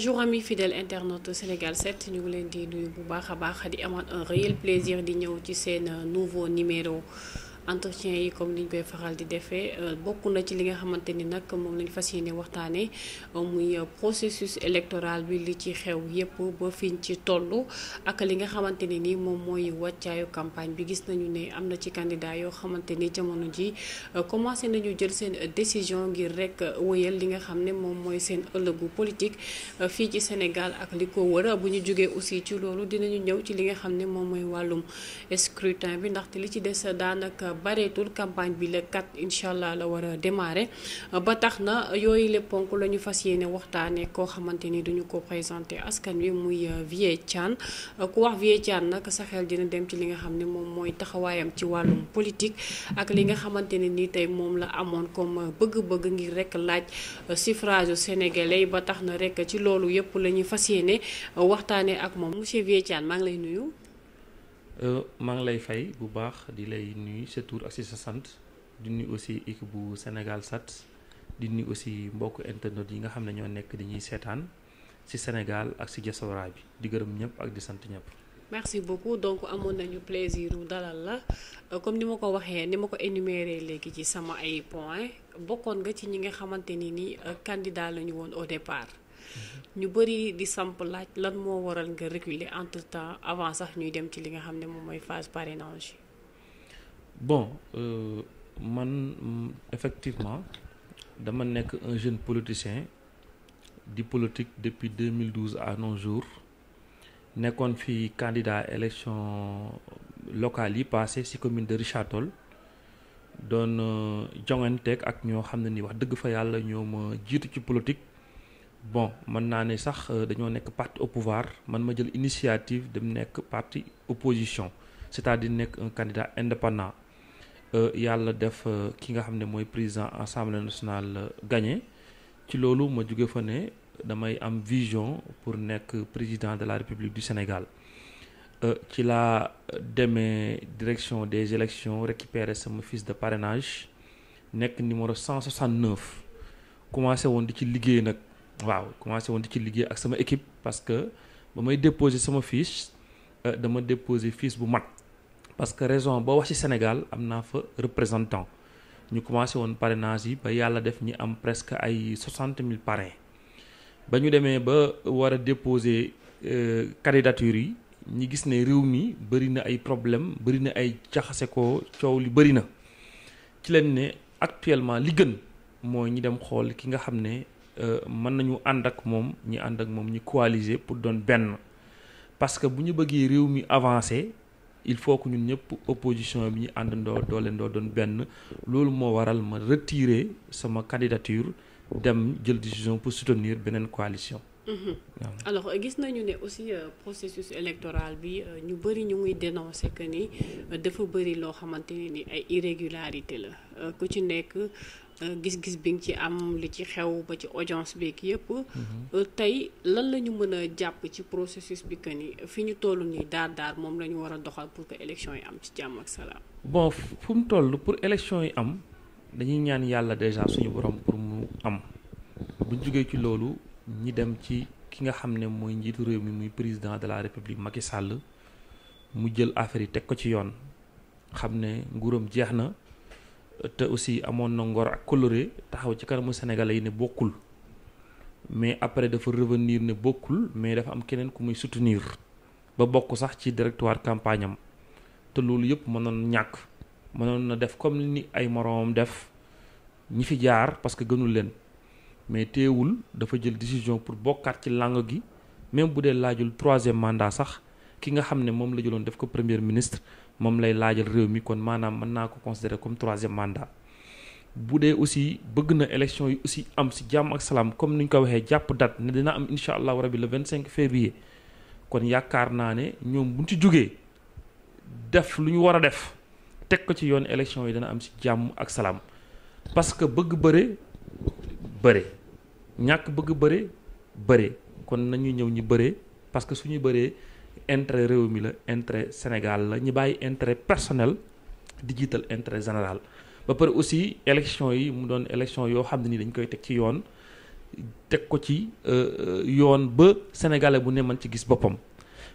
bonjour amis fidèles internautes Sénégal 7 ñu ngi leen di duy bu baax a baax di amaat un réel plaisir di ñëw ci seen euh, nouveau numéro. entretien yi comme niñ koy faral di defee euh, bokk na ci li nga xamante ni nag moom lañ fas yéene waxtaanee euh, muy euh, processus électoral bi li ci xew yépp ba fiñ ci toll ak li nga xamante ne nii moom mooy wàccaayu campagne bi gis nañu ne am na ci candidat yoo xamante ni jamono ji commencé nañu jël seen décision ngir rek wëyal li nga xam ne moom mooy seen ëllëgu politique fii ci Sénégal ak li ko wër bu ñu jógee aussi ci loolu dinañu ñëw ci li nga xam bareetul campagne bi la 4 incha allah la war a demare ba tax na yooyu le ponk la ñu fas yéene waxtaanee koo xamante ni duñu ko présenté askan wi muy euh, Vieux Thiane ku wax Vieux Thiane nag sa xel dina dem ci li nga xam ne moom mooy taxawaayam ci wàllum politique ak li nga xamante ne nii tey moom la amoon comme euh, bëgg-bëgg ngir rek laaj euh, suffrage sénégalais ba tax na rek ci loolu yëpp la ñuy fas yéene waxtaanee ak moom monsieur Vieux Thiane maa ngi lay nuyu. Euh, maa ngi lay fay bu baax di lay nuyu sa tur ak si sa sant di aussi équipe bu Sénégal sat di nuyu aussi mbokk internet yi nga xam ne ñoo nekk di ñuy seetaan si Sénégal ak si diaspora bi di gërëm ñëpp ak di sant ñëpp. merci beaucoup donc amoon nañu plaisir dalal la euh, comme ni ma ko waxee ni ma ko énuméré léegi ci sama ay points bokkoon nga ci ñi nga xamante ni ni euh, candidat lañu woon au départ. ñu bëri di samp laaj lan moo waral nga reculer entre temps avant sax ñuy dem ci li nga xam ne moom mooy phase parrainage. bon euh, man mm, effectivement dama nekk un jeune politicien di politique depuis 2012 à nos jours nekkoon fi candidat élection locale yi passé ci commune de Richard Toll doon euh, jonganteeg ak ñoo xam ne ni wax dëgg fa yàlla ñoo ma jiitu ci politique. bon mën naa ne sax euh, dañoo nekk parti au pouvoir man ma jël initiative dem nekk parti opposition c'est-à-dire nekk un candidat indépendant euh, yàlla def euh, ki nga xam ne mooy président assemblée nationale gagne ci loolu ma jóge fa ne damay am vision pour nekk président de la république du Sénégal ci la demee direction des élections récupérer sama fiche de parrainage nekk numéro 169 commencé woon di ci liggéey nag. waaw commencé woon ci liggéey ak sama équipe parce que ba may déposer sama fiche euh, dama déposer fiche bu mag parce que raison boo wax ci Sénégal am naa fa représentant ñu commencé woon parrainage yi ba yàlla def ñi am presque ay soixante mille parrains ba ñu demee ba war a déposer euh, candidature yi ñi gis ne réew mi bëri na ay problème bëri na ay jaxase ko coow li bëri na ci leen ne actuellement li gën mooy ñi dem xool ki nga xam ne Euh, mën nañu ànd ak moom ñi ànd ak moom ñi coaliser pour doon benn parce que bu ñu bëggee réew mi avancer il faut que ñun ñëpp opposition bi ñu àndandoo dooleendoo doon benn loolu moo waral ma retirer sama candidature dem jël décision pour soutenir beneen coalition Mhm. alors euh, gis nañu ne aussi euh, processus électoral bi euh, ñu bëri ñu ngi dénoncé que ni dafa bëri loo xamante ne ni ay irrégularité la ku ci nekk gis-gis bi nga ci am li ci xew ba ci audience beeg yëpp. Mhm. tey lan la ñu mën a jàpp ci processus bi que ni fi ñu toll nii daar daar moom la ñu war a doxal pour que élection yi am ci jàmm ak salaam. bon fu mu toll pour élection yi am dañuy ñaan yàlla déjà suñu borom pour mu am bu jógee ci loolu. ñi dem ci ki nga xam ne mooy njiitu réew mi muy président de la république Macky sàll mu jël affaire teg ko ci yoon xam ne nguuram jeex na te aussi amoon na ngor ak coloré taxaw ci kanamu sénégalais yi ne bokkul mais après dafa revenir ne bokkul mais dafa am keneen ku muy soutenir ba bokk sax ci directoire campagne am te loolu yëpp mënoon ñàkk mënoon na def comme ni ay moroomam def ñi fi jaar parce que gënul leen mais teewul dafa jël décision pour bokkaat ci langue gi même bu dee laajul troisième mandat sax ki nga xam ne moom la jëloon def ko premier ministre moom lay laajal réew mi kon maanaam mën naa ko considérer comme troisième mandat. bu dee aussi bëgg na élection yi aussi am si jàmm ak salaam comme ni ñu ko waxee jàpp date ne dina am incha allahu rabi le vingt cinq février kon yaakaar naa ne ñoom buñ ci jógee def lu ñu war a def teg ko ci yoon élection yi dana am si jàmm ak salaam parce que bëgg bëre bëre ñàkk bëgg bëre bëre kon nañu ñëw ñu bëre parce que suñu bëree intérêt réew mi la intérêt Sénégal la ñu bàyyi intérêt personnel digital intérêt général ba pare aussi élection yi mu doon élection yoo xam ne ni dañ koy teg ci yoon teg ko ci euh, euh, yoon ba sénégalais bu ne man ci gis boppam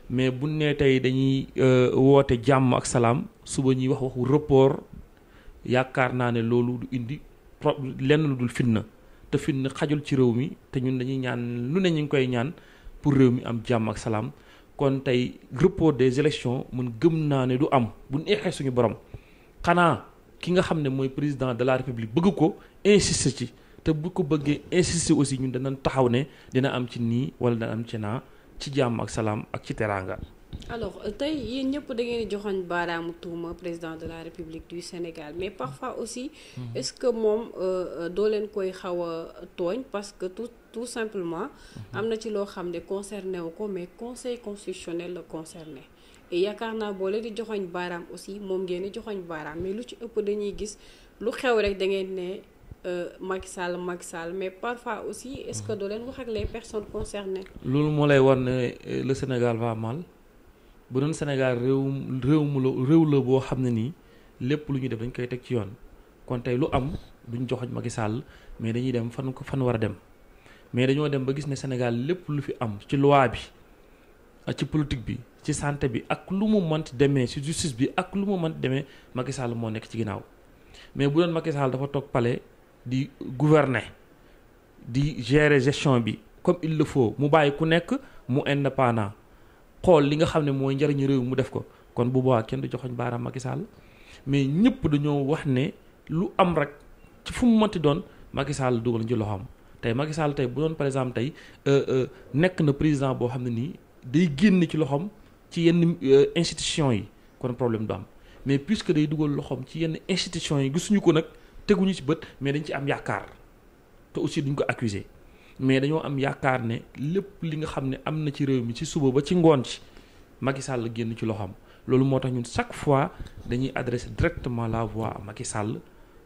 mais bu ne tey dañuy euh, woote jàmm ak salaam suba ñuy wax waxu rapport yaakaar naa ne loolu du indi lenn lu dul fitna te fi xajul ci réew mi te ñun dañuy ñaan lu ne ñu ngi koy ñaan pour réew mi am jàmm ak salaam kon tey report des élections mun gëm naa ne du am bu neexee suñu borom xanaa ki nga xam ne mooy président de la république bëgg ko insister ci te bu ko bëggee insister aussi ñun danañ taxaw ne dina am ci nii wala dana am ci naa ci jàmm ak salaam ak ci teraanga. alors euh, tey yéen ñëpp da ngeen di joxoñ baaraamu tuuma président de la république du Sénégal mais parfois aussi. Mhm. est-ce que moom euh, euh, doo leen koy xaw a tooñ parce que tout tout simplement. Mhm. am na ci loo xam ne concerné wu ko mais conseil constitutionnel la concerné. yaakaar naa boo leen di joxoñ baaraam aussi moom ngeen di joxoñ baaraam mais lu ci ëpp dañuy gis lu xew rek da ngeen ne mag Sall mag Sall mais parfois aussi est-ce que mhm. doo leen wax ak les personne concernées. loolu moo lay war ne le Sénégal va mal. bu doon Sénégal réew réew mu la réew la boo xam ne nii lépp lu ñu def dañ koy teg ci yoon kon tey lu am duñ joxoñ Macky Sall mais dañuy dem fan ko fan war a dem mais dañoo dem ba gis ne Sénégal lépp lu fi am ci loi bi ci politique bi ci santé bi ak lu mu mënti demee ci justice bi ak lu mu mënti demee Macky Sall moo nekk ci ginnaaw mais bu doon Macky Sall dafa toog palais di gouverner di gérer gestion bi comme il le faut mu bàyyi ku nekk mu indépendant xool li nga xam ne mooy njëriñu réew mu def ko kon bu boobaa kenn du joxoñ baaraam Macky Sall mais ñëpp dañoo wax ne lu am rek ci fu mu mënti doon Macky Sall dugal ci loxoom tey Macky Sall tey bu doon par exemple tey euh, euh, nekk na président boo xam ne nii day génn ci loxoom ci yenn euh, institution yi kon problème du am mais puisque day dugal loxoom ci yenn institution yi gisuñu ko nag teguñu si bët mais dañ ci am yaakaar te aussi duñ ko accuser mais dañoo am yaakaar ne lépp li nga xam ne am na ci réew mi ci suba ba ci ngoon ci Macky Sall génn ci loxoom loolu moo tax ñun chaque fois dañuy adresser directement la voix à Sall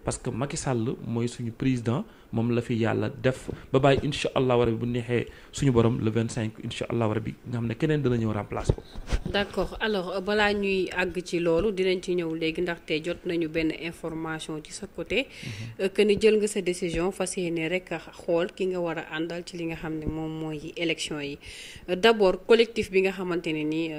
parce que Macky Sall mooy suñu président moom la fi yàlla def ba bàyyi incha allahu rabi bu neexee suñu borom le 25 incha allahu rabi nga xam ne keneen dana ñëw remplacer ko. d' accord alors euh, balaa ñuy àgg ci loolu dinañ ci ñëw léegi ndaxte jot nañu benn information ci sa côté. Mhm. Euh, que ni jël nga sa décision fas yéene rek a xool ki nga war a àndal ci li nga xam ne moom mooy élection yi euh, d' abord collectif bi nga xamante ne ni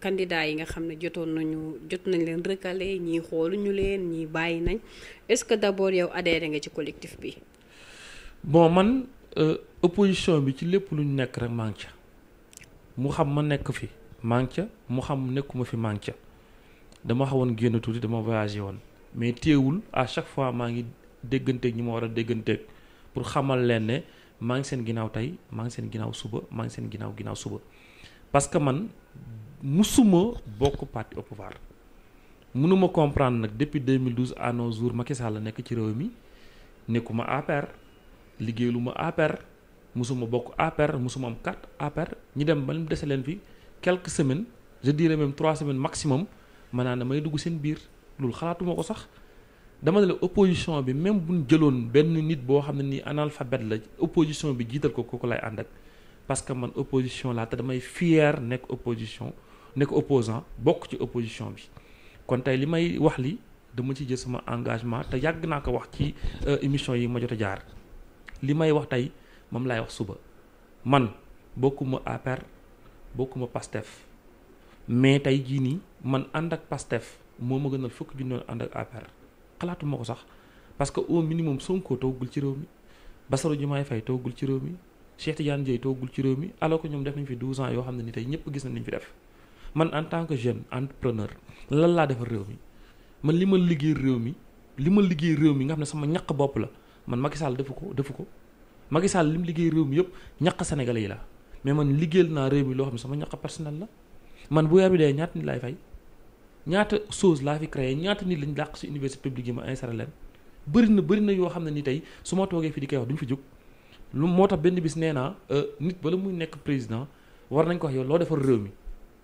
candidats yi nga xam ne jotoon nañu jot nañ leen recalé ñii xooluñu leen ñii bàyyi nañ. est-ce que d'abord yow adhéré nga ci collectif bi. bon man euh, opposition bi ci lépp lu ñu nekk rek maa ca mu xam ma nekk fi maa ca mu xam nekkuma fi maa ca dama xawoon génn tuuti dama voyagé woon mais téewul à chaque fois maa ngi dégganteeg ñi ma war a dégganteeg pour xamal leen ne maa ngi seen ginnaaw tey maa ngi seen ginnaaw suba maa ngi seen ginnaaw ginnaaw suba parce que man musuma bokk parti au pouvoir mënuma comprendre nag depuis 2012 à nos jours Macky Sall la nekk ci réew mi nekkuma APR liggéeyaluma APR mosuma bokk APR musuma am carte APR ñi dem ba mu dese leen fi quelques semaines je dirais même trois semaines maximum maanaam damay dugg seen biir loolu xalaatuma ko sax dama ne la opposition bi même buñ jëloon benn nit boo xam ne ni analphabète la opposition bi jiital ko kooku lay ànd ak parce que man opposition laa te damay fier nekk opposition nekk opposant bokk ci opposition bi kon tey li may wax li dama ci jël sama engagement te yàgg naa ko wax ci euh, émission yi ma jot a jaar li may wax tey moom laay wax suba man bokkuma APR bokkuma PASTEF mais tey jii nii man ànd ak PASTEF moo a gënal fukki junni ànd ak APR xalaatuma ko sax parce que au minimum Sonko toogul ci réew mi Bassirou Diomaye Faye toogul ci réew mi Cheikh Tidiane Dièye toogul ci réew mi alors que ñoom def nañ fi 12 ans yoo xam ne ni tey ñëpp gis nañ ñu fi def. man en tant que jeune entrepreneur lan laa defar réew mi man li ma liggéey réew mi li ma liggéey réew mi nga xam ne sama ñaq bopp la man Macky Sall defu ko defu ko Macky Sall li mu liggéey réew mi yëpp ñaq Sénégalais yi la mais man liggéeyal naa réew mi loo xam ne sama ñaq personnel la man bu weer bi dee ñaata nit laay fay ñaata chose laa fi créé ñaata nit lañ dàq si université publique yi ma inséré leen bëri na yoo xam ne ni tey su ma toogee fii di koy wax duñ fi jug lu moo tax benn bis nee naa euh, nit bala muy nekk président war nañ ko wax yow loo defar réew mi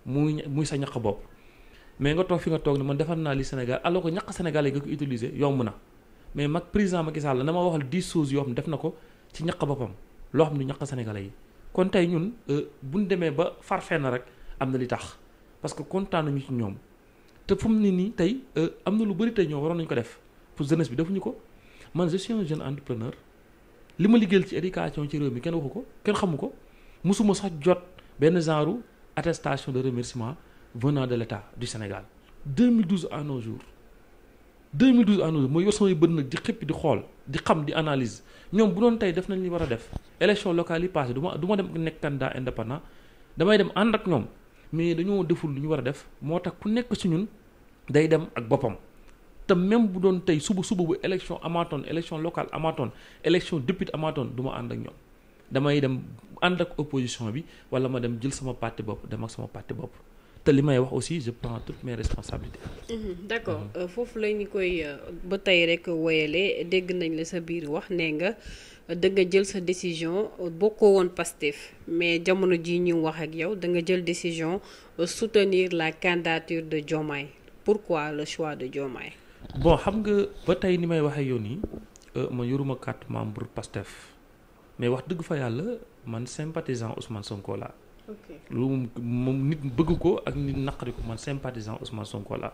muy muy sa ñaq bopp mais nga toog fi nga toog ne man defar naa li Sénégal alors ko ñaq Sénégal yi nga ko utiliser yomb na mais mag président Macky Sall la na ma waxal dix choses yoo xam ne def na ko ci ñaq boppam loo xam ne ñaq Sénégalais yi kon tey ñun euh, bu ñu demee ba farfee na rek am na li tax parce que kontaan nañu ci ñoom te fu ni nii tey euh, am na lu bëri tey ñoo waroon nañu ko def pour jeunesse bi defuñu ko man je jeune entrepreneur li ma liggéeyal ci éducation ci réew mi kenn ko kenn xamu ko musuma sax jot benn genre attestation de remerciement venant de l'État du Sénégal 2012 à nos jours 2012 à nos jours mooy yor samay bët nag di xëpp di xool di xam di analyse ñoom bu doon tey def nañ li war a def élection locale yi passé du duma du ma dem nekk candidat indépendant damay dem ànd ak ñoom mais dañoo deful lu ñu war a def moo tax ku nekk si ñun day dem ak boppam te même bu doon tey suba suba bu élection amaatoon élection locale amaatoon élection député amaatoon du ma ànd ak ñoom damay dem ànd ak opposition bi wala ma dem jël sama parti bopp dem ak sama parti bopp te li may wax aussi je prends toutes mes responsabilités. Mhm, d' accord mhm. euh, foofu la ñu koy euh, ba tey rek woyalee dégg nañ la sa biir wax nee nga da nga jël sa décision euh, bokkoo woon Pastef mais jamono ji ñu wax ak yow da nga jël décision soutenir la candidature de Diomaye pourquoi le choix de Diomaye. bon xam nga ba tey ni may waxee yoon yi man yoruma carte membre Pastef. mais wax dëgg fa yàlla man sympathisant Ousmane Sonko laa. ok loolu moom nit bëgg ko ak nit naqari man sympathisant Ousmane Sonko laa.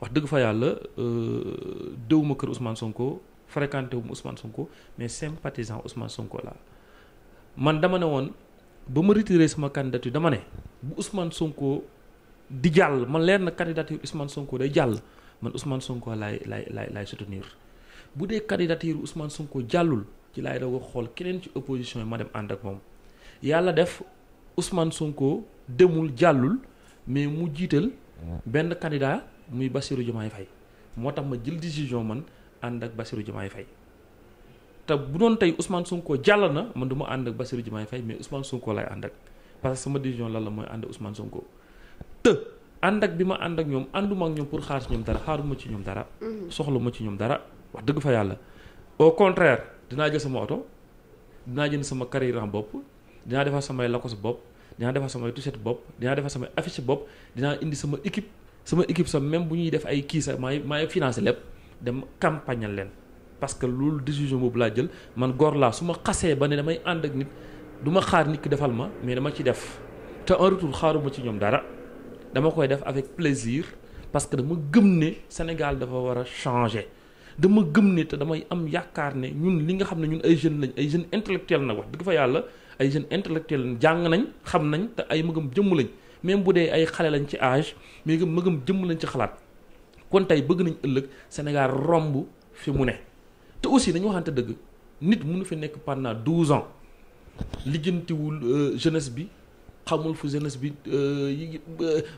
wax dëgg fa yàlla euh, dëwuma kër Ousmane Sonko fréquenté wu ma Ousmane Sonko mais sympathisant Ousmane Sonko laa man dama ne woon ba ma retiré sama candidature dama ne bu Ousmane Sonko di jàll man leer na candidature Ousmane Sonko day jàll man Ousmane Sonko laay laay laay laay soutenir bu dee candidature Ousmane Sonko jàllul. ci laay doog a xool keneen ci opposition yi ma dem ànd ak moom yàlla def Ousmane Sonko demul jàllul mais mu jiital benn candidat muy Bassirou Diomaye fay moo tax ma jël décision man ànd ak Bassirou Diomaye fay te bu doon tey Ousmane Sonko jàll na man du ma ànd ak Bassirou Diomaye Faye mais Ousmane Sonko laay ànd ak parce que sama décision lan la mooy ànd ak Ousmane Sonko ànd ak bi ma ànd ak ñoom ànduma ak ñoom pour xaar ci ñoom dara xaaruma ci ñoom dara. Mm-hmm. soxla ci ñoom dara wax dëgg fa yàlla au contraire. dinaa jël sama oto dinaa jënd sama carrière bopp dinaa defar samay lakos bopp dinaa defar samay t-shirt bopp dinaa defar samay affiche bopp dinaa indi sama équipe sama équipe sa même bu ñuy def ay kiisa sax maay maay financé lépp dem campagne leen parce que loolu décision boobu laa jël man gor laa su ma xasee ba ne damay ànd ak nit duma xaar nit ki defal ma mais dama ci def te en retour xaaruma ci ñoom dara dama koy def avec plaisir parce que dama gëm ne Sénégal dafa war a changer dama gëm ne te damay am yaakaar ne ñun li nga xam ne ñun ay jeunes lañ ay jeunes intellectuels nag wax dëgg fa yàlla ay jeunes intellectuels lañ jàng nañ xam nañ te ay magam jëmm lañ même bu dee ay xale lañ ci age mais magam jëmm lañ ci xalaat kon tey bëgg nañ ëllëg Sénégal romb fi mu ne te aussi dañu waxante dëgg nit mënu fi nekk pendant douze ans lijjantiwul euh, jeunesse bi xamul fu jeunesse bi euh,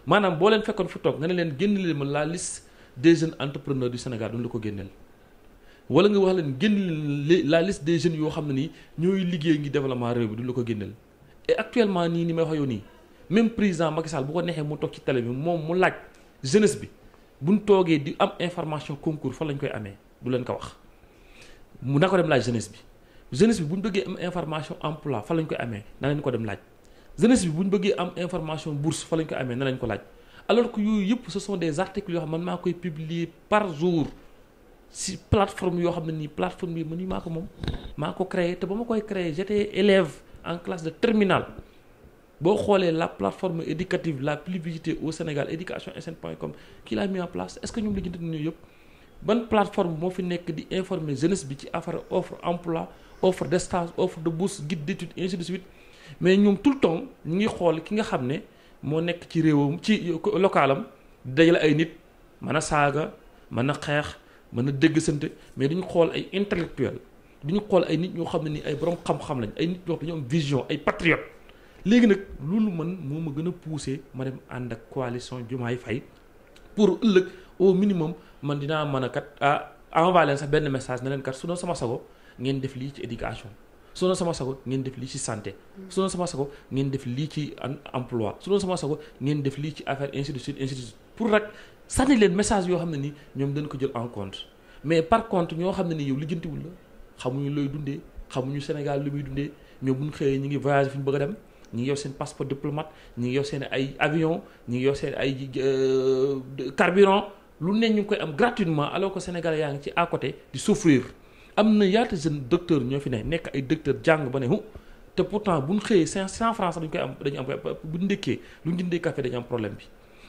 maanaam boo leen fekkoon fi toog nga ne leen génn leen ma la liste des jeunes entrepreneurs du Sénégal duñ la ko génneel wala nga wax leen génn la liste des jeunes yoo xam ne ni ñooy liggéey ngi développement réew bi du la ko génneel et actuellement nii ni may wax yow nii même président Macky Sall bu ko neexee mu toog ci télé bi moom mu laaj jeunesse bi buñ toogee di am information concours fan lañ koy amee du leen ko wax mu na ko dem laaj jeunesse bi jeunesse bi bu ñu bëggee am information emploi fan lañ koy amee na leen ko dem laaj jeunesse bi bu ñu bëggee am information bourse fan lañ koy amee na leen ko laaj alors que yëpp ce sont des articles yoo xam man maa koy publier par jour si plateforme yoo xam ne nii plateforme yi man maa ko moom maa ko créé te ba ma koy créé j'étais élève en classe de terminale boo xoolee la plateforme éducative la plus visitée au Sénégal éducation sn point com qui l'a mis en place est-ce que ñoom la jënd plateforme moo fi nekk di informer jeunesse bi ci affaire offre emploi offre de stage offre de bourse guide d'études ainsi de suite mais ñoom tout le temps ñu ngi xool ki nga xam ne moo nekk ci réewam ci localam dajale ay nit mën a saaga mën a xeex mën a dégg sante mais du xool ay intellectuel du ñu xool ay nit ñoo xam ne ni ay borom xam-xam lañ ay nit ñoo xam dañu am vision ay patriote léegi nag loolu man moo ma gën a poussé ma dem ànd ak coalition Diomaye fay pour ëllëg au minimum man dinaa mën a kat ah envoyé leen sax benn message ne leen kat su doon sama sago ngeen def lii ci éducation su doon sama sago ngeen def lii ci santé su doon sama sago ngeen def lii ci emploi su doon sama sago ngeen def lii ci affaire ainsi de sànni leen message yoo xam ne ni ñoom dañ ko jël en compte mais par contre ñoo xam ne ni yow lijjantiwul la xamuñu looy dundee xamuñu Sénégal lu muy dundee ñoom bu ñu xëyee ñu ngi voyage fu ñu bëgg a dem ñu ngi yor seen passeport diplomate ñu ngi yor seen ay avion ñu ngi yor seen ay euh, carburant lu ne ñu ngi koy am gratuitement alors que Sénégal yaa ngi ci à côté di souffrir am na yaata jeune docteur ñoo fi ne nekk ay docteur jàng ba ne hu te pourtant bu ñu xëyee cinq cent francs sax dañu koy am dañu am bu ñu lu ñu dindee café dañu am problème bi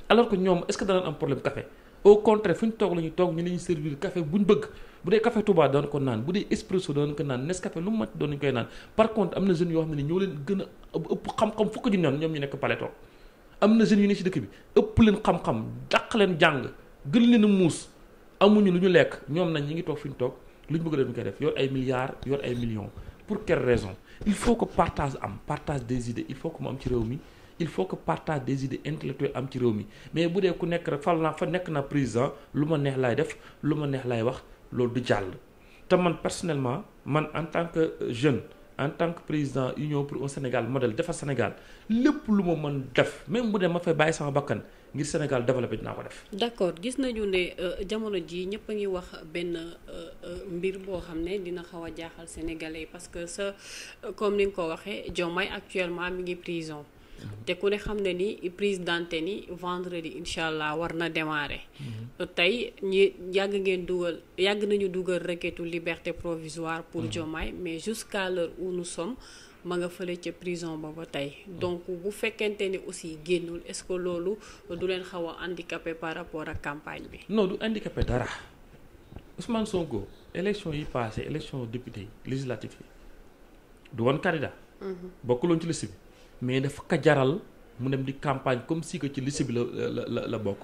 alors que ñoom est-ce que danañ am problème café au contraire fu ñu toog la ñuy toog ñu ne ñu servir café bu ñu bëgg bu dee café Touba doon ko naan bu dee espresso doon ko naan Nescafé lu mu mat doon naan par a ëpp xam-xam fukk ñoom ñu nekk pale toog am na jeunes yu ne ci dëkk bi ëpp leen xam-xam dàq leen jàng gën leen a muus amuñu lu ñu lekk ñoom nañ ñu ngi toog fi ñu toog lu ñu bëgg leen koy def yor ay milliards yor ay millions pour quelle raison il faut que partage am partage des idées il faut ci réew mi il faut que partage des idées intellectuelles am ci réew mi mais bu dee ku nekk rek fal naa fa nekk na président lu ma neex lay def lu ma neex laay wax loolu du jàll. te man personnellement man en tant que euh, jeune en tant que président union pour un Sénégal modèle defal Sénégal lépp lu ma mën def même bu dee ma fay bàyyi sama bakkan ngir Sénégal développé dinaa ko def. d'accord gis nañu ne euh, jamono ji ñëpp a ngi wax benn euh, mbir boo xam ne dina xaw a jaaxal sénégalais parce que sa comme ni nga ko waxee Diomaye actuellement mi ngi prison. te ku ne xam ne ni prise d'antenne yi vendredi incha allah war na démarrer. Mhm. tey ñi yàgg ngeen dugal yàgg nañu dugal requête liberté provisoire pour mhm. Diomaye mais jusqu'à l'heure où nous sommes ma nga fële ca prison ba ba tey mhm. donc bu fekkente ne aussi génnul est-ce que loolu du leen xaw a handicapé par rapport ak campagne bi. non du handicapé dara Ousmane Sonko élection yi passé élection député législatif yi du woon candidat. bokkuloon ci liste mais dafa ko jaral mu dem di campagne comme si ci liste la la la la bokk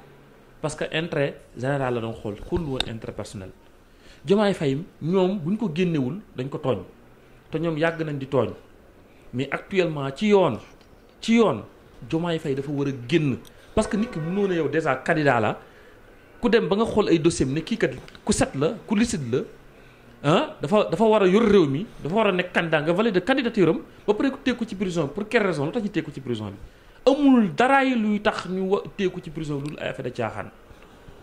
parce que intérêt général la doon xool xool woon intérêt personnel. jomaay fay ñoom bu ñu ko génnewul dañ ko tooñ te ñoom yàgg nañ di tooñ mais actuellement ci yoon ci yoon Diomaye fay dafa war a génn parce que nit ki mënoo na yow déjà candidat la ku dem ba nga xool ay dossier ne kii kat ku set la ku licite la. ah dafa dafa war a yor réew mi dafa war a nekk candidat nga valider candidature am ba pare teeku ci prison pour quelle raison lu tax ñu teeku ci prison bi amul daraay luy tax ñu wa teeku ci prison bi lu ay affaire de caaxaan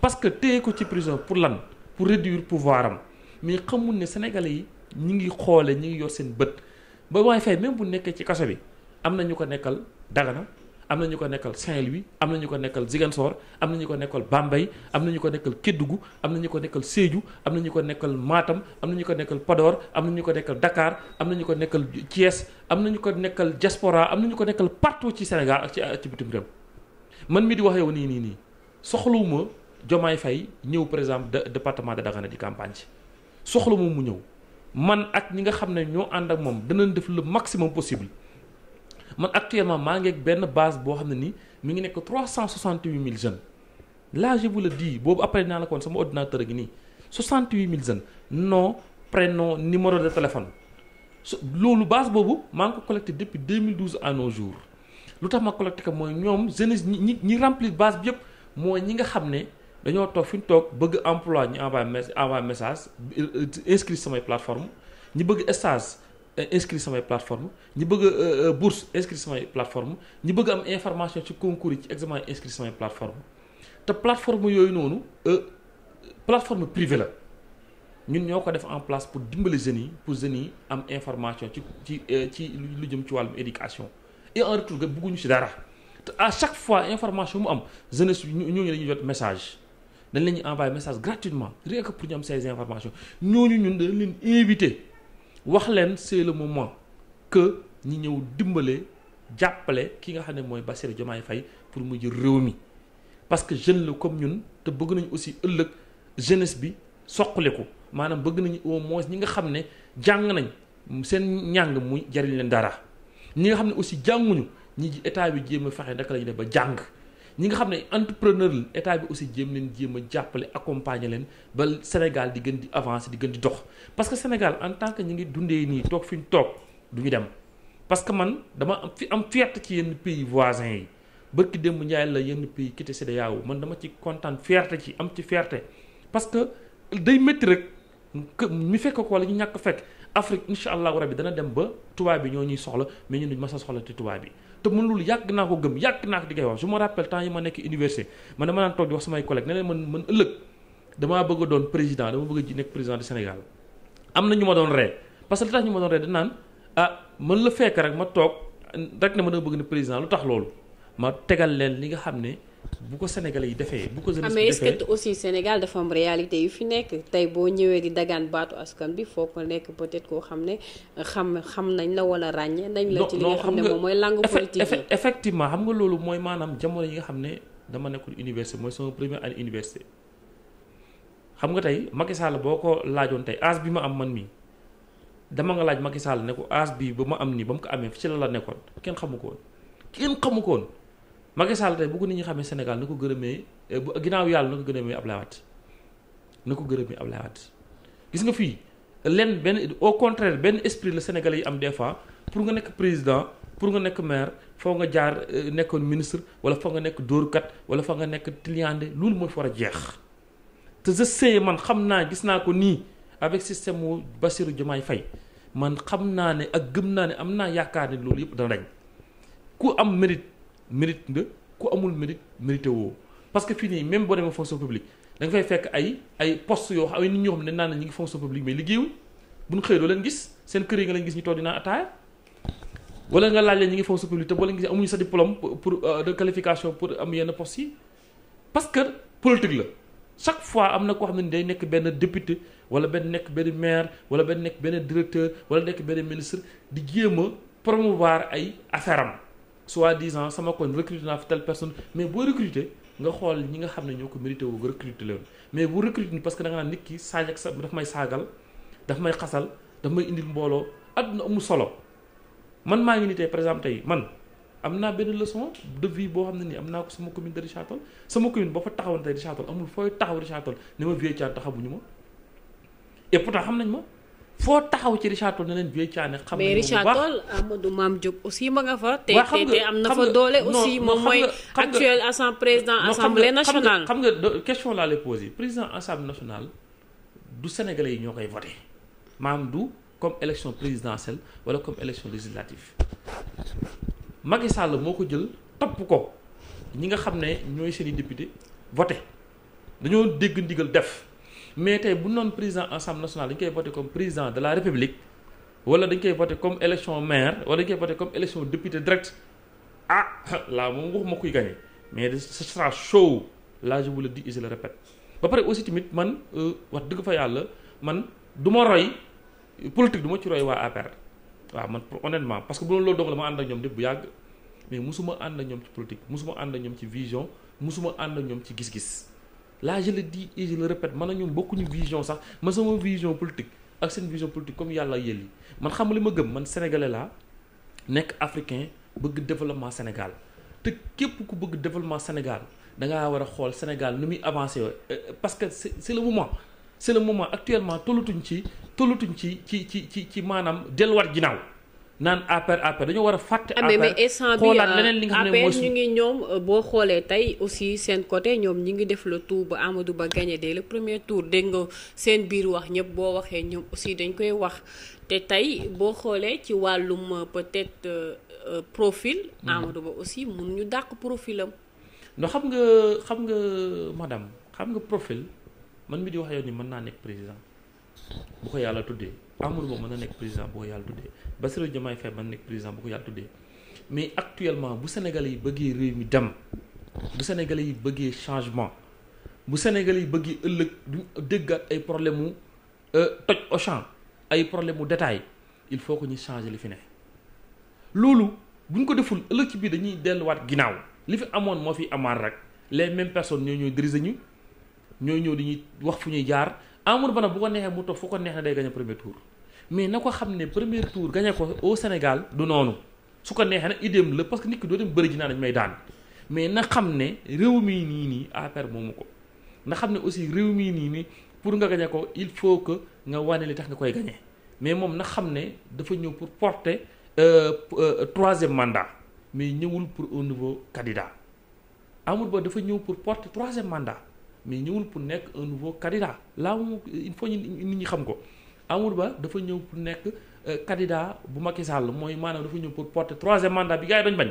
parce que teeku ci prison pour lan pour réduire pouvoir am mais xamul ne sénégalais yi ñu ngi xoole ñu ngi yor seen bët ba waaye fay même bu nekkee ci kaso bi am na ñu ko nekkal dagana am na ñu ko nekkal Saint-Louis am na ñu ko nekkal Ziguinchor am na ñu ko nekkal Bambey am na ñu ko nekkal Kédougou am na ñu ko nekkal Sédhiou am na ñu ko nekkal Matam am na ñu ko nekkal Podor am na ñu ko nekkal dakaar am na ñu ko nekkal Thiès am na ko nekkal diaspora am na ko nekkal partout ci Sénégal ak ci ci bitim réew man mii di wax yow nii nii nii soxlawuma jomaay fay ñëw par exemple de département de Dagana di campagne ci soxla moom mu ñëw man ak ñi nga xam ne ñoo ànd ak moom danañ def le maximum possible man actuellement maa ngi ak benn base boo xam ne nii mu ngi nekk trois cent soixante huit mille jeunes là je vous le boobu après naa la koon sama ordinateur gi nii soixante huit mille jeunes nom prénom numéro de téléphone loolu base boobu maa ngi ko collecté depuis 2012 à nos jours lu tax ma collecté ko mooy ñoom jeunesse ñi ñi remplir base bi yëpp mooy ñi nga xam ne dañoo toog fi ñu toog bëgg emploi ñu envoyé envoyé message euh, inscrit samay plateforme ñi bëgg stage inscrit samay plateforme ñi bëgg a euh, euh, bourse inscrit samay plateforme ñi bëgg am information ci concours ci examen yi inscrit te plateforme yooyu noonu euh, plateforme privée la ñun ñoo ko def en place pour dimbali jeunes yi pour jeunes am information ci ci ci lu jëm ci wàllum éducation et en retour ga bëgguñu ci dara te à chaque fois information mu am jeunesse bi ñooñu dañuy jot message dañ leen ñu message gratuitement rien pour ñu am ces informations ñooñu ñun dañ leen invité wax leen c'est le moment que ñi ñëw dimbale jàppale ki nga xam ne mooy Bassirou Diomaye fay pour mu jël réew mi parce que jeune la comme ñun te bëgg nañu aussi ëllëg jeunesse bi soqaliku maanaam bëgg nañu au moins ñi nga xam ne jàng nañ seen ñàng mu jariñ leen dara ñi nga xam ne aussi jànguñu ñi état bi jéem a fexe naka la def ba jàng ñi nga xam ne entrepreneur état bi aussi jéem leen jéem a jàppale accompagner leen ba Sénégal di gën di avancer di gën di dox parce que Sénégal en tant que ñu ngi dundee nii toog fi ñu toog duñu dem parce que man dama am fi am fierté ci yenn pays voisins yi bërki démb njaay la yenn pays quitté CEDEAO man dama ci kontaan fierté ci am ci fierté parce que day métti rek ñu fekk ko wala ñu ñàkk fekk Afrique incha allahu rabi dana dem ba tubaab bi ñoo ñuy soxla mais ñun duñ mas soxla ci tubaab bi te man loolu yàgg naa ko gëm yàgg naa ko di koy wax je me rappelle temps yi ma nekk université man dama naan toog di wax samay collègues ne leen man man ëllëg damaa bëgg doon président dama bëgg a nekk président du Sénégal am na ñu ma doon ree parce que li tax ñu ma doon ree dañ naan ah man la fekk rek ma toog rek ne ma dama bëgg ne président lu tax loolu ma tegal leen li nga xam ne bu ko Sénégalais yi defee bu ko. jeunesse ah, bi defee aussi Sénégal dafa am réalité yu fi nekk tey boo ñëwee di dagaan baatu askan bi foo ko nekk peut-être koo xam ne xam xam nañ la wala ràññee nañ la. ci li nga xam ne moom mooy langue politique effectivement xam nga loolu mooy maanaam jamono yi nga xam ne dama nekkul université mooy sama première année université. xam nga tey Macky boo ko laajoon tey âge bi ma am man mii dama nga laaj Macky ne ko âge bii ba ma am nii ba mu ko amee ci la la nekkoon kenn xamu ko woon xamu ko woon Macky Sall tey bu ko nit ñi xamee Sénégal na ko gërëmee eh, ginnaaw yàlla na ko gërëmee Ablaye Wade na ko gërëmee Ablaye Wade gis nga fii lenn benn au contraire benn esprit la sénégale yi am des fois pour nga nekk président pour nga nekk maire foo nga jaar eh, nekkoon ministre wala foo nga nekk dóorukat wala foo nga nekk tiliande loolu mooy fa war a jeex te sa sais man xam naa gis naa ko nii avec système wu Bassirou Diomaye Faye man xam naa ne ak gëm naa ne am naa yaakaar ne loolu yëpp dana mérite nga ku amul mérite mérité woo parce que fii nii même boo demee fonction publique da nga fay fekk ay ay poste yoo xam ay nit ñoo xam ne naan na ñu ngi fonction publique mais liggéeyuñ bu ñu xëyee doo leen gis seen kër yi nga leen gis ñi toog di naan ataaya wala nga laaj leen ñu ngi fonction publique te boo leen gis amuñu sa diplôme pour euh, de qualification pour am yenn poste yi parce que politique la chaque fois am na koo xam ne day nekk benn député wala benn nekk benn maire wala benn nekk benn directeur wala nekk benn ministre di jéem a promouvoir ay affaire soi-disant sama koñ recruter naa fi telle personne mais boo recruter nga xool ñi nga xam ne ñoo ko mérité wu recruter leen mais bu recruter parce que da naan nit ki saaj sa daf may saagal daf may xasal daf may indil mbooloo àdduna amul solo man maa ngi ni tey par exemple tey man am naa benn leçon de vie boo xam ne nii am naa ko sama commune de Richard-Toll sama commune boo fa taxawoon tey Richard-Toll amul fooy taxaw Richard-Toll ne ma ma et pourtant xam nañ ma. foo taxaw ci Richard Toll na leen Vieux xam nañu mais Richard Toll Amadou Mame Diop aussi ma nga fa. te te am na fa doole aussi moom mooy. actuel assemblée président assemblée nationale. xam nga question laa lay poser du sénégalais yi ñoo koy voté maam du comme élection présidentielle wala comme élection législative Macky Sall moo ko jël topp ko ñi nga xam ne ñooy seen i député voté dañoo dégg ndigal def. mais tey bu noon président assemblée nationale dañ koy voté comme président de la république wala dañ koy voté comme élection maire wala dañ koy voté comme élection député direct ah là moom waxuma kuy gagné mais ce sera laa là je vous le dis ba pare aussi tamit man euh, wax dëgg fa yàlla man du ma roy politique du ma ci roy waa APR waaw man honnêtement parce que bu loolu dong la ma ànd ak ñoom lépp bu yàgg mais musuma ànd ak ñoom ci politique musuma ànd ak ñoom ci vision musuma ànd ak ñoom ci gis-gis là je le dis et je le répète man ñoom bokkuñu vision sax ma sama vision politique ak seen vision politique comme yàlla yëlli man xam li ma gëm man sénégalais laa nekk africain bëgg développement Sénégal te képp ku bëgg développement Sénégal da ngaa war a xool Sénégal nu muy avancé euh, euh, parce que c'est c'est le moment c'est le moment actuellement tollatuñ ci tollatuñ ci ci ci ci ci maanaam delluwaat ginnaaw. naan APR APR dañoo war a fàtte. APR ah, mais mais instant bi xoolaat euh, leneen li nga xam ne mooy ñu ngi ñoom euh, boo xoolee tey aussi seen côté ñoom ñi ngi def le tour ba Amadou Ba gagné dès le premier tour dégg nga seen biir wax ñëpp boo waxee ñoom aussi dañ koy wax te tey boo xoolee ci wàllum euh, peut-être profil. Hmm. Amadou Ba aussi mun ñu dàq profilam. noo xam nga xam nga madame xam nga profil man mi di wax yow ni mën naa nekk président bu ko yàlla tuddee. Amadou Ba mën a nekk président boo ko yàlla tuddee Bassirou Diomaye Faye mën na nekk président bu ko yàlla tuddee mais actuellement bu Sénégalais yi bëggee réew mi dem bu Sénégalais yi bëggee changement bu Sénégalais yi bëggee ëllëg du déggaat ay problème mu euh, toj au champ ay problème mu détail il faut que ñu changer li fi ne loolu buñ ko deful ëllëg ci biir dañuy delluwaat ginnaaw li fi amoon moo fi amaat rek les mêmes personnes ñoo ñëw diriger ñu ñoo ñëw dañuy wax fu ñuy jaar Amadou Ba na bu ko neexee mu toog fu ko neex na day gagné premier tour mais na ko xam ne premier tour gagné ko au Sénégal du noonu su ko neexee na idéem la parce que nit ki doo dem bëri ji naa dañ may daan mais na xam ne réew mii nii nii APR moomu ko na xam ne aussi réew mii nii nii pour nga gagné ko il faut que nga wane li tax nga koy gagné mais moom na xam ne dafa ñëw pour porter euh, euh, troisième mandat mais ñëwul pour un niveau candidat Amadou Ba dafa ñëw pour porter troisième mandat mais ñëwul pour nekk un nouveau candidat là moom il ñu nit ñi xam ko Amadou Ba dafa ñëw pour nekk euh, candidat bu Macky Sall mooy maanaam dafa ñëw pour porter troisième mandat bi gars yi dañu bañ.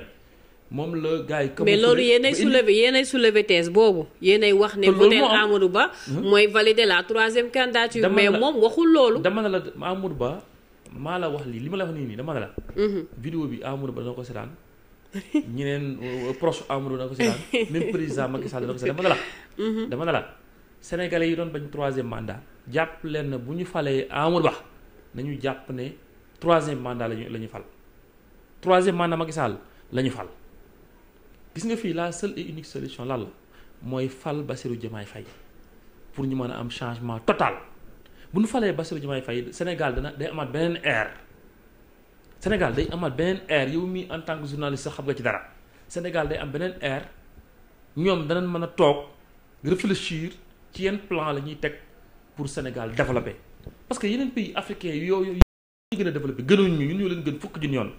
moom la gars yi. mais loolu yéenay soulever boobu. yéenay wax ne voté Amadou Ba. Hmm? mooy valider la troisième candidature. mais moom waxul loolu. dama ne la Amadou Ba maa la wax lii li ma la wax nii nii dama ne la. Hmm. vidéo bi Amadou Ba dana ko seetaan. ñeneen euh, proche Amadou na ko si daan même président Macky Sall na ko si dama ne la. Mhm. dama ne la sénégalais yi doon bañ troisième mandat jàpp leen ne bu ñu falee Amadou Ba nañu jàpp ne troisième mandat lañu la ñu fal troisième mandat Macky Sall la ñu fal gis nga fii la seule et unique solution lan mooy fal Bassirou Diomaye fay pour ñu mën a am changement total bu nu falee Bassirou Diomaye Faye Sénégal dana day amaat beneen ère Sénégal day amaat beneen air yow mi en tant que journaliste sax xam nga ci dara Sénégal day am beneen air ñoom danañ mën a toog réfléchir ci yenn plan la ñuy teg pour Sénégal développer parce que yeneen pays africains yooyu ñu gën a développé ñu ñun ñoo leen gën fukk jun yoon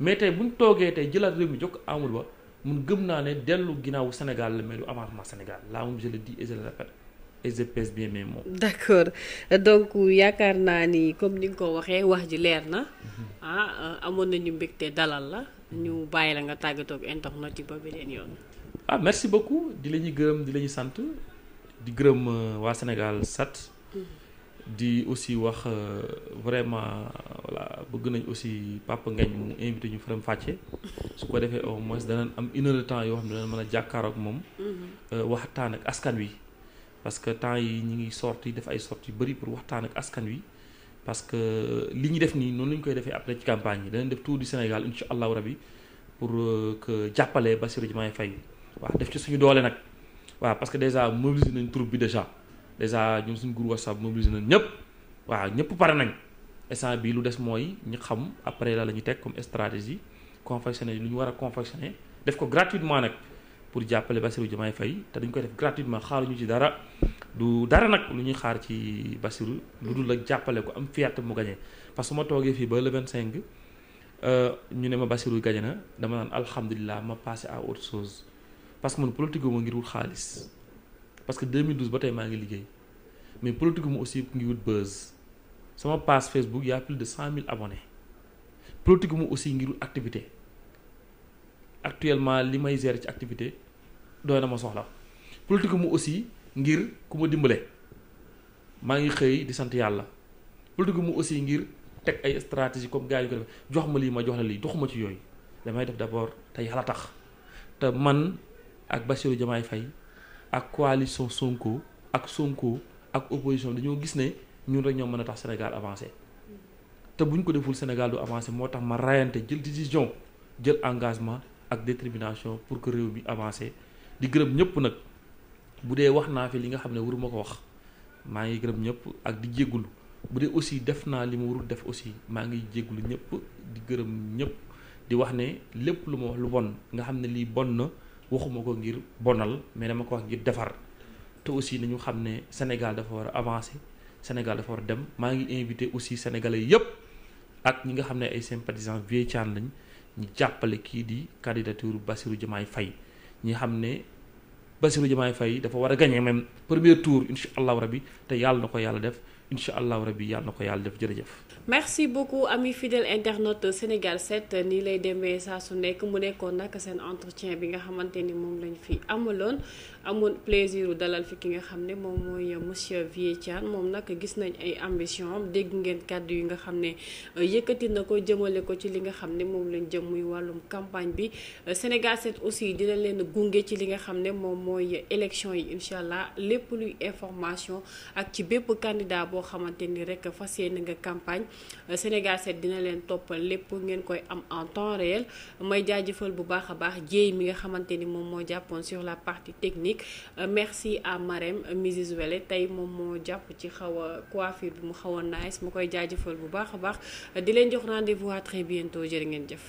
mais tey buñ toogee tey jëlaat réew mi jokk amul wa mun gëm naa ne dellu ginnaawu Sénégal la mais du avancement Sénégal laa moom je le dis et la le et je pèse bien mes mots. d' donc yaakaar naa ni comme ni nga ko waxee wax ji leer na mhm. ah euh, amoon nañu mbégte dalal la ñu bàyyi la nga tàggatoo ak internet yi ba beneen yoon. ah merci beaucoup di la ñuy gërëm di la sant di gërëm euh, waa Sénégal sat mhm. di aussi wax euh, vraiment voilà bëgg nañ aussi Papa ngañ mu invité ñu faram fàcce su ko defee au moins danañ am une temps yoo xam ne danañ mën a jàkkaar ak moom mhm. waxtaan ak askan wi parce que temps yi ñu ngi sorti def ay sorti yu bëri pour waxtaan ak askan wi parce que euh, li ñu def nii noonu la ñu koy defee après ci campagne yi danañ def tour du Sénégal incha allahu rabi pour euh, que jàppale Bassirou Diomaye Faye waa def ci suñu doolee nag waaw parce que déjà mobilisé nañ troupe bi déjà déjà ñun suñu groupe WhatsApp mobilisé nañ ñëpp waaw ñëpp pare nañ instant bi lu des mooy ñu xam après la la ñu teg comme stratégie confectionné lu ñu war a confectionné def ko gratuitement nag. pour jàppale Bassirou Diomaye Faye te dañ koy def gratuitement ñu ci dara du dara nag lu ñuy xaar ci Bassirou lu dul ak jàppale ko am fierté mu gagné parce que ma toogee fii ba le 25 euh, ñu ne ma Bassirou gagné na dama naan alhamdulilah ma passé à autre chose parce que man politique ma ngir wut xaalis parce que 2012 ba tey maa ngi liggéey mais politique ma aussi ngi wut buzz sama page Facebook y a plus de 100000 abonnés politique ma aussi ngir wut activité. actuellement li may gérer ci activité doy na ma soxla politique mu aussi ngir ku ma dimbale maa ngi xëy di sant yàlla politique mu aussi ngir teg ay stratégie comme gars yi ko def jox ma lii ma jox la lii doxuma ci yooyu damay def d'abord te yàlla tax te man ak Bassirou Diomaye Faye ak coalition Sonko ak Sonko ak opposition dañoo gis ne ñun rek ñoo mën a tax Sénégal avancé te bu ñu ko deful Sénégal du avancé moo tax ma rayante jël décision jël engagement ak détermination pour que réew mi avancé di gërëm ñëpp nag bu dee wax naa fi li nga xam ne waruma ko wax maa ngi gërëm ñëpp ak di jéggulu bu dee aussi def naa li mu warul def aussi maa ngi jéggulu ñëpp di gërëm ñëpp di wax ne lépp lu ma wax lu bon nga xam ne lii bon na waxuma ko ngir bonal mais dama ko wax ngir defar te aussi nañu xam ne Sénégal dafa war a avancer Sénégal dafa war a dem maa ngi invité aussi sénégalais yëpp ak ñi nga xam ne ay sympathisants Vieux Thiane ñu jàppale kii di candidature Bassirou Diomaye fay ñi xam ne Bassirou Diomaye Faye dafa war a gagné même premier tour incha allahu rabi te yàlla na ko yàlla def incha allahu rabi yàlla na ko yàlla def jërëjëf. merci beaucoup amis fidèles internautes Sénégal 7 nii lay demee saa su nekk mu nekkoon nag seen entretien bi nga xamante ni moom lañu fii amaloon. amoon plaisir dalal fi ki nga xam ne moom mooy monsieur Vieux Thiam moom nag gis nañ ay ambition dégg ngeen kàddu yi nga xam ne euh, yëkkati na ko jëmale ko ci li nga xam ne moom lañ jëm muy wàllum campagne bi euh, Sénégal 7 aussi dina leen gunge ci li nga xam ne moom mooy élection yi incha allah lépp luy information ak ci bépp candidat boo xamante ni rek fas yéene nga campagne euh, Sénégal 7 dina leen toppal lépp ngeen koy am en temps may jaajëfal bu baax a baax jéey mi nga xamante ni moom moo jàppoon sur la partie technique. chronique euh, merci à Marème euh, Mrs Wele tey moom moo jàpp ci xawa a bi mu xaw a nice mu koy jaajëfal bu baax a baax euh, di leen jox rendez-vous à très bientôt ngeen jëf.